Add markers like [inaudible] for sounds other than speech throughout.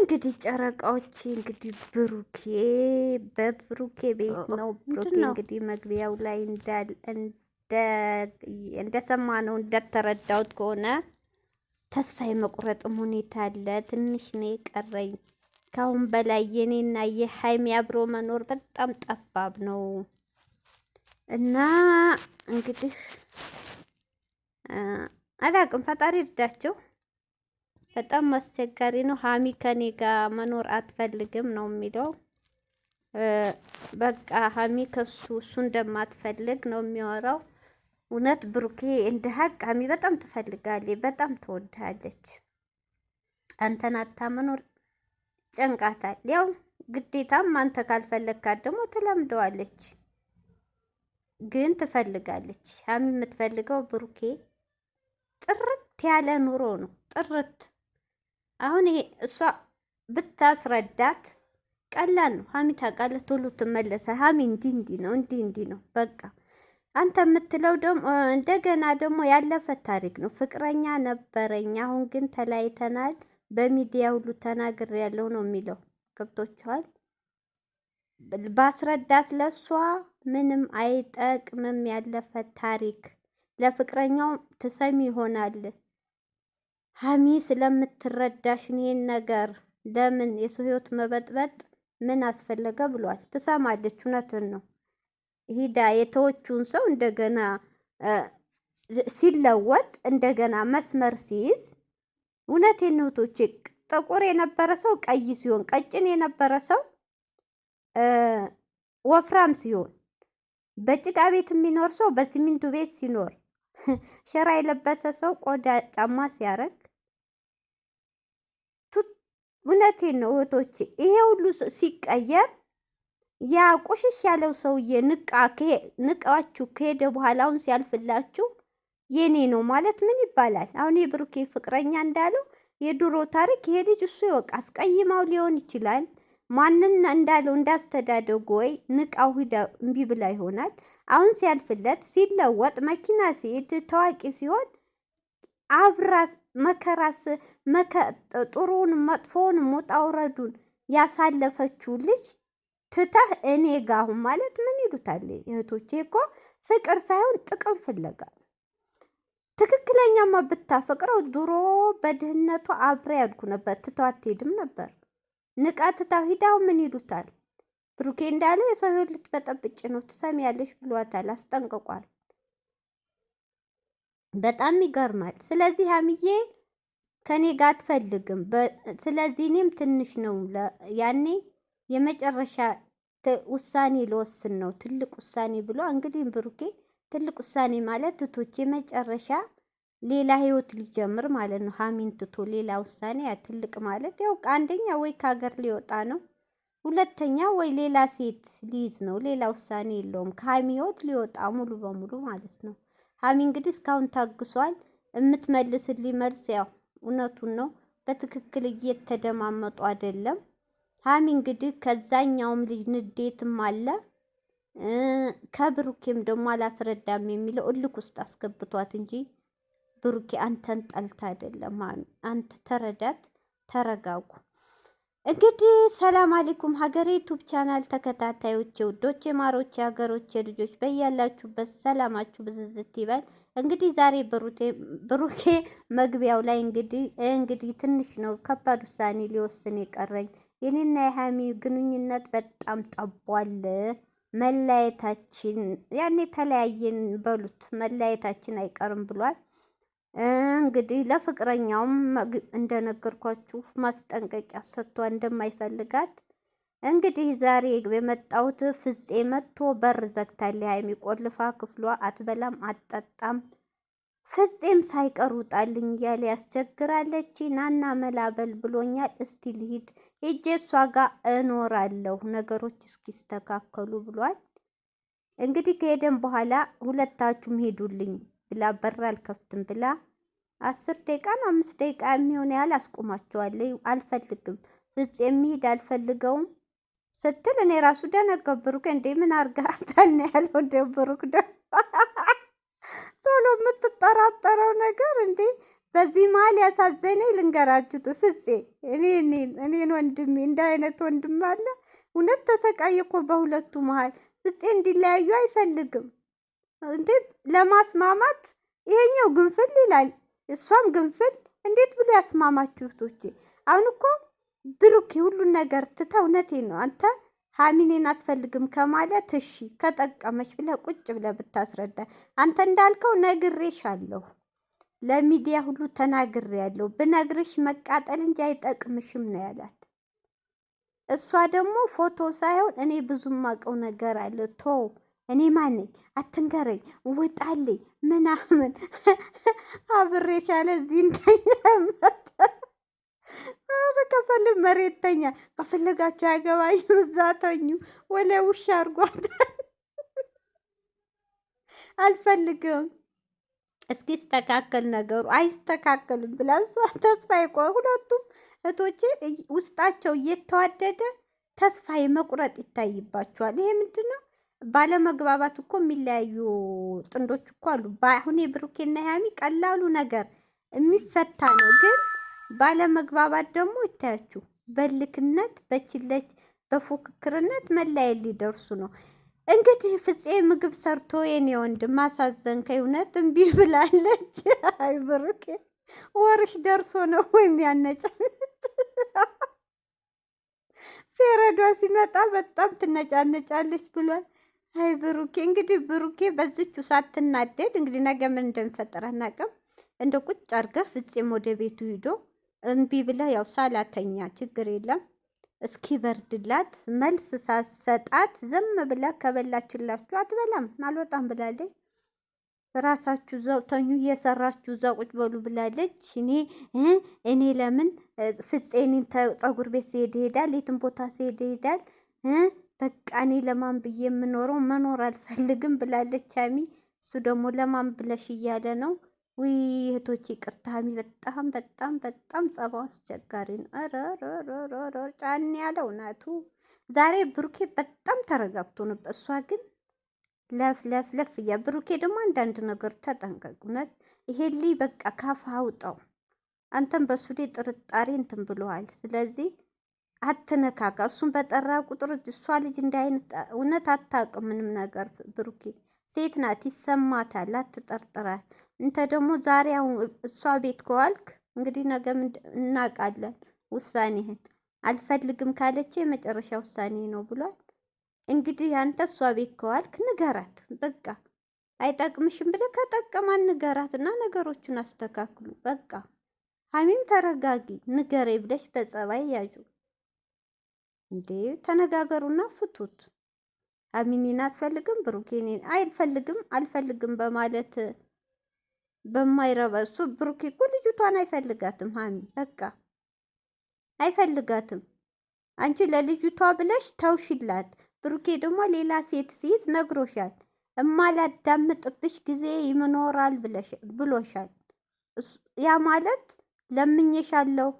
እንግዲህ ጨረቃዎች እንግዲህ ብሩኬ በብሩኬ ቤት ነው። ብሩኬ እንግዲህ መግቢያው ላይ እንደሰማ ነው እንደተረዳሁት ከሆነ ተስፋ የመቁረጥም ሁኔታ አለ። ትንሽ ነው ቀረኝ ከአሁን በላይ የኔና የሀይሚ አብሮ መኖር በጣም ጠባብ ነው እና እንግዲህ አላቅም ፈጣሪ እርዳቸው። በጣም አስቸጋሪ ነው። ሀሚ ከኔ ጋር መኖር አትፈልግም ነው የሚለው። በቃ ሀሚ ከሱ እሱ እንደማትፈልግ ነው የሚወራው። እውነት ብሩኬ እንደ ሀቅ ሀሚ በጣም ትፈልጋለች፣ በጣም ትወድሃለች። አንተን አታ መኖር ጨንቃታል። ያው ግዴታም አንተ ካልፈለግካት ደግሞ ትለምደዋለች፣ ግን ትፈልጋለች። ሀሚ የምትፈልገው ብሩኬ ጥርት ያለ ኑሮ ነው ጥርት አሁን ይሄ እሷ ብታስረዳት ቀላል ነው። ሀሚ ታውቃለህ፣ ቶሎ ትመለሰ። ሀሚ እንዲህ እንዲህ ነው እንዲህ እንዲህ ነው በቃ አንተ የምትለው ደግሞ እንደገና ደግሞ ያለፈ ታሪክ ነው። ፍቅረኛ ነበረኝ፣ አሁን ግን ተለያይተናል፣ በሚዲያ ሁሉ ተናግር ያለው ነው የሚለው ገብቶችኋል። ባስረዳት ለሷ ምንም አይጠቅምም። ያለፈ ታሪክ ለፍቅረኛው ትሰሚ ይሆናል። ሀሚ ስለምትረዳሽ ይሄን ነገር ለምን የሰው ህይወት መበጥበጥ ምን አስፈለገ ብሏል። ትሰማለች፣ እውነትን ነው። ሂዳ የተወቹን ሰው እንደገና ሲለወጥ እንደገና መስመር ሲይዝ እውነት ነው ጥቁር የነበረ ሰው ቀይ ሲሆን፣ ቀጭን የነበረ ሰው ወፍራም ሲሆን፣ በጭቃ ቤት የሚኖር ሰው በሲሚንቱ ቤት ሲኖር፣ [laughs] ሸራ የለበሰ ሰው ቆዳ ጫማ ሲያረግ እውነቴን ነው እህቶች፣ ይሄ ሁሉ ሲቀየር ያ ቁሽሽ ያለው ሰውዬ ንቃችሁ ከሄደ በኋላ አሁን ሲያልፍላችሁ የኔ ነው ማለት ምን ይባላል? አሁን የብሩኬ ፍቅረኛ እንዳለው የድሮ ታሪክ ይሄ ልጅ እሱ ይወቅ አስቀይማው ሊሆን ይችላል። ማንን እንዳለው እንዳስተዳደጉ ወይ ንቃው ሂዳ እምቢ ብላ ይሆናል። አሁን ሲያልፍለት ሲለወጥ መኪና ሲሄድ ታዋቂ ሲሆን አብራስ መከራስ ጥሩን መጥፎውን ሙጣውረዱን ያሳለፈችው ልጅ ትተህ እኔ ጋ ማለት ምን ይሉታል እህቶቼ? እኮ ፍቅር ሳይሆን ጥቅም ፍለጋ ትክክለኛማ ብታፈቅረው ድሮ በድህነቱ አብሬ ያድጉ ነበር፣ ትተው አትሄድም ነበር። ንቃ ትታው ሂዳው ምን ይሉታል? ብሩኬ እንዳለ የሰው ልጅ በጠብጭ ነው ትሰሚያለሽ ብሏታል፣ አስጠንቅቋል። በጣም ይገርማል። ስለዚህ ሀምዬ ከኔ ጋር አትፈልግም። ስለዚህ እኔም ትንሽ ነው ያኔ የመጨረሻ ውሳኔ ለወስን ነው ትልቅ ውሳኔ ብሎ እንግዲህ ብሩኬ ትልቅ ውሳኔ ማለት ትቶች የመጨረሻ ሌላ ህይወት ሊጀምር ማለት ነው። ሀሚን ትቶ ሌላ ውሳኔ ትልቅ ማለት ያው አንደኛ ወይ ከሀገር ሊወጣ ነው፣ ሁለተኛ ወይ ሌላ ሴት ሊይዝ ነው። ሌላ ውሳኔ የለውም። ከሀሚ ህይወት ሊወጣ ሙሉ በሙሉ ማለት ነው። ሀሚ እንግዲህ እስካሁን ታግሷል። የምትመልስልኝ መልስ ያው እውነቱን ነው፣ በትክክል እየተደማመጡ አይደለም። ሀሚ እንግዲህ ከዛኛውም ልጅ ንዴትም አለ፣ ከብሩኬም ደግሞ አላስረዳም የሚለው እልክ ውስጥ አስገብቷት እንጂ ብሩኬ አንተን ጠልታ አይደለም። አንተ ተረዳት፣ ተረጋጉ። እንግዲህ ሰላም አለይኩም ሀገሬ ዩቱብ ቻናል ተከታታዮች ውዶች፣ የማሮች ሀገሮች ልጆች በያላችሁበት ሰላማችሁ ብዝዝት ይበል። እንግዲህ ዛሬ ብሩኬ መግቢያው ላይ እንግዲህ እንግዲህ ትንሽ ነው ከባድ ውሳኔ ሊወስን የቀረኝ የኔና የሀሚ ግንኙነት በጣም ጠቧል፣ መለያየታችን ያኔ ተለያየን በሉት መለያየታችን አይቀርም ብሏል። እንግዲህ ለፍቅረኛውም እንደነገርኳችሁ ማስጠንቀቂያ ሰጥቶ እንደማይፈልጋት እንግዲህ ዛሬ የመጣሁት ፍፄ መጥቶ በር ዘግታል። ሀይሚ ቆልፋ ክፍሏ አትበላም አትጠጣም። ፍፄም ሳይቀር ውጣልኝ እያለ ያስቸግራለች። ናና መላበል ብሎኛል። እስቲ ልሂድ ሄጄ እሷ ጋር እኖራለሁ ነገሮች እስኪስተካከሉ ብሏል። እንግዲህ ከሄደን በኋላ ሁለታችሁም ሄዱልኝ ብላ በር አልከፍትም ብላ አስር ደቂቃም አምስት ደቂቃ የሚሆን ያህል አስቆማቸዋለሁ። አልፈልግም ፍጽ የሚሄድ አልፈልገውም ስትል እኔ ራሱ ደነገው። ብሩክ እንዴ ምን አርጋታል ነው ያለው። እንደ ብሩክ [laughs] ቶሎ የምትጠራጠረው ነገር እንዴ። በዚህ መሀል ያሳዘነኝ ልንገራችሁ ፍፄ፣ እኔን ወንድሜ እንደ አይነት ወንድም አለ እውነት ተሰቃየ እኮ በሁለቱ መሀል። ፍጼ እንዲለያዩ አይፈልግም እንዴ ለማስማማት ይሄኛው ግንፍል ይላል። እሷም ግንፍል እንዴት ብሎ ያስማማችሁ እህቶቼ። አሁን እኮ ብሩክ ሁሉን ነገር ትተው እውነቴ ነው አንተ ሀሚኔን አትፈልግም ከማለት እሺ ከጠቀመች ብለ ቁጭ ብለ ብታስረዳ አንተ እንዳልከው አለሁ ለሚዲያ ሁሉ ተናግሬያለሁ፣ ብነግርሽ መቃጠል እንጂ አይጠቅምሽም ነው ያላት። እሷ ደግሞ ፎቶ ሳይሆን እኔ ብዙም አውቀው ነገር አለ ቶ እኔ ማነኝ አትንገረኝ፣ ውጣልኝ ምናምን [laughs] አብሬ ቻለ እዚህ እንተኛበት [laughs] ከፈልግ መሬት ተኛ፣ ከፈለጋችሁ አያገባኝም፣ እዛ ተኙ። ወለ ውሻ አድርጓታል። [laughs] አልፈልግም እስኪ ስተካከል ነገሩ። አይስተካከልም ብላ እሷ ተስፋ ይቆ ሁለቱም እህቶቼ ውስጣቸው እየተዋደደ ተስፋ የመቁረጥ ይታይባቸዋል። ይሄ ምንድን ነው? ባለመግባባት እኮ የሚለያዩ ጥንዶች እኮ አሉ። አሁን የብሩኬና ሃይሚ ቀላሉ ነገር የሚፈታ ነው። ግን ባለመግባባት ደግሞ ይታያችሁ በልክነት በችለች በፉክክርነት መለያየት ሊደርሱ ነው። እንግዲህ ፍፄ ምግብ ሰርቶ የኔ ወንድም ማሳዘንከኝ፣ እውነት እምቢ ብላለች። [laughs] አይ ብሩኬ ወርሽ ደርሶ ነው ወይም ያነጫነጭ [laughs] ፌረዷ ሲመጣ በጣም ትነጫነጫለች ብሏል። አይ ብሩኬ እንግዲህ ብሩኬ በዝቹ ሳትናደድ እንግዲህ ነገ ምን እንደሚፈጠር አናውቅም። እንደ ቁጭ አድርገህ ፍጼም ወደ ቤቱ ሂዶ እምቢ ብላ ያው ሳላተኛ ችግር የለም እስኪ በርድላት መልስ ሳሰጣት ዝም ብላ ከበላችላችሁ አትበላም አልወጣም ብላለች። ራሳችሁ እዛው ተኙ እየሰራችሁ እዛ ቁጭ በሉ ብላለች። እኔ እኔ ለምን ፍፄኔን ፀጉር ቤት ሲሄድ ይሄዳል፣ የትም ቦታ ሲሄድ ይሄዳል በቃ እኔ ለማን ብዬ የምኖረው መኖር አልፈልግም ብላለች ሀሚ። እሱ ደግሞ ለማን ብለሽ እያለ ነው። ውይ እህቶች ይቅርታ ሀሚ፣ በጣም በጣም በጣም ጸባው አስቸጋሪ ነው። ጫን ያለው እውነቱ። ዛሬ ብሩኬ በጣም ተረጋግቶ ነበር፣ እሷ ግን ለፍ ለፍ ለፍ እያ ብሩኬ ደግሞ አንዳንድ ነገር ተጠንቀቁነት ይሄ ልይ በቃ ካፋ አውጣው። አንተም በሱ ላይ ጥርጣሬ እንትን ብለዋል። ስለዚህ አትነካካ። እሱን በጠራ ቁጥር እሷ ልጅ እንዳይነት እውነት አታውቅም ምንም ነገር። ብሩኬ ሴት ናት፣ ይሰማታል፣ አትጠርጥራል። እንተ ደግሞ ዛሬ አሁን እሷ ቤት ከዋልክ እንግዲህ ነገ እናውቃለን ውሳኔህን። አልፈልግም ካለች የመጨረሻ ውሳኔ ነው ብሏል። እንግዲህ አንተ እሷ ቤት ከዋልክ ንገራት፣ በቃ አይጠቅምሽም ብለህ ከጠቀማን ንገራት እና ነገሮቹን አስተካክሉ። በቃ ሀሚም ተረጋጊ፣ ንገሬ ብለሽ በጸባይ ያዡ። እንዴ ተነጋገሩና ፍቱት። አሚኒን አትፈልግም፣ ብሩኬኔን አይፈልግም አልፈልግም በማለት በማይረባ እሱ ብሩኬ እኮ ልጅቷን አይፈልጋትም። ሀሚ በቃ አይፈልጋትም። አንቺ ለልጅቷ ብለሽ ተውሽላት። ብሩኬ ደግሞ ሌላ ሴት ሲይዝ ነግሮሻል። እማላዳምጥብሽ ጊዜ ይምኖራል ብሎሻል። ያ ማለት ለምኝሻለሁ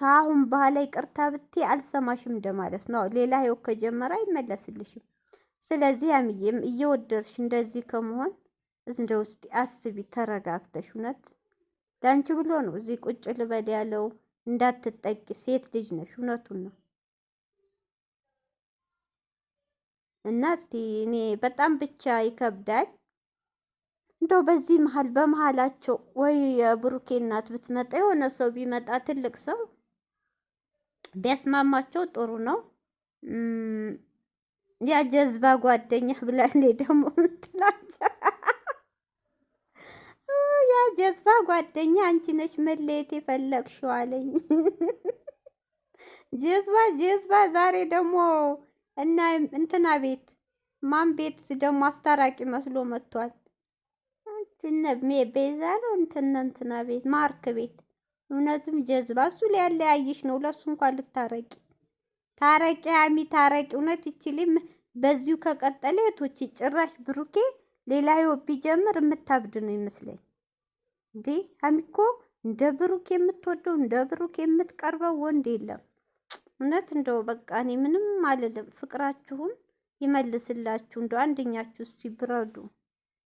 ከአሁን በኋላ ይቅርታ ብቴ አልሰማሽም እንደማለት ነው። ሌላ ህይወት ከጀመረ አይመለስልሽም። ስለዚህ ያምዬም እየወደድሽ እንደዚህ ከመሆን እንደ ውስጥ አስቢ፣ ተረጋግተሽ። እውነት ለአንቺ ብሎ ነው እዚህ ቁጭ ልበል ያለው። እንዳትጠቂ፣ ሴት ልጅ ነሽ። እውነቱን ነው። እና እስቲ እኔ በጣም ብቻ ይከብዳል። እንደው በዚህ መሀል በመሀላቸው ወይ የብሩኬ እናት ብትመጣ የሆነ ሰው ቢመጣ ትልቅ ሰው ቢያስማማቸው ጥሩ ነው። ያ ጀዝባ ጓደኛህ ብላሌ ደግሞ ምትላቸ ያ ጀዝባ ጓደኛ አንቺ ነሽ መለየት የፈለግሽው አለኝ። ጀዝባ ጀዝባ ዛሬ ደግሞ እና እንትና ቤት ማን ቤት ደግሞ አስታራቂ መስሎ መጥቷል። ቤዛ ነው እንትና እንትና ቤት ማርክ ቤት እውነትም ጀዝባ እሱ ሊያለያይሽ ነው። ለሱ እንኳን ልታረቂ ታረቂ ሀሚ ታረቂ። እውነት ይችልም በዚሁ ከቀጠለ የቶች ጭራሽ ብሩኬ ሌላ ህይወት ቢጀምር የምታብድ ነው ይመስለኝ። እንዴ ሀሚ እንደ ብሩክ የምትወደው እንደ ብሩክ የምትቀርበው ወንድ የለም። እውነት እንደው በቃ እኔ ምንም አልልም። ፍቅራችሁን ይመልስላችሁ። እንደ አንደኛችሁ ሲብረዱ